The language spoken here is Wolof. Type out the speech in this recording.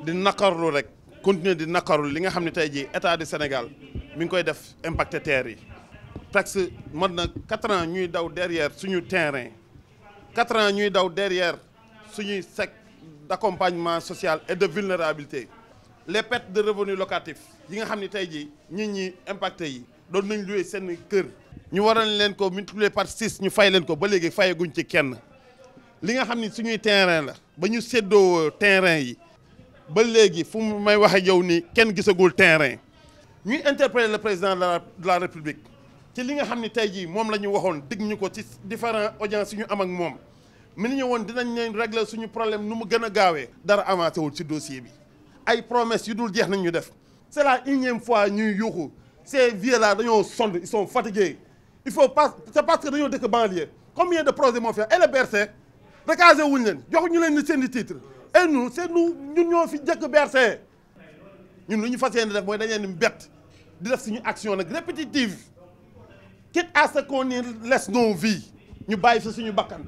di naqarlu rek continuer di naqarlu li nga xam ne tey jii état du Sénégal mi ngi koy def impacte terre yi taxe mën na quatre ans ñuy daw derrière suñu terrain quatre ans ñuy daw derrière suñuy sec d'accompagnement social et de vulnérabilité les pertes de revenus locatifs yi nga xam ni tey jii nit ñi impacté yi doon nañ luwee seen kër ñu waral leen ko multiplier par six ñu fay leen ko ba léegi fayaguñ ci kenn li nga xam ni suñuy terrain la ba ñu séddoo terrain yi ba léegi fu mu may wax ak ni kenn gisagul terrain ñuy interpeller le président de la de la république ci li nga xam ni tey jii moom la ñu waxoon digg ñu ko ci différents audience su ñu am ak moom mi ni ñu woon dinañ leen régler suñu problème nu mu gën a gaawee dara avancé wul ci dossier bi ay promesse yu dul jeex nañ ñu def c'est la énième fois ñuy yuuxu ces vieux là dañoo sonn ils sont fatigués il faut pas c'est parce que dañoo dëkk banlieue combien de projets moo fi et wuñ leen joxuñu leen ni seen i titre et eh, nous c'est nous ñun ñoo fi jëkk bercé ñun lu ñu fas yéene def mooy dañu leen di bett di def suñu action nag répétitive quitte à ce qu'on y laisse nos ñu bàyyi sa suñu bakkan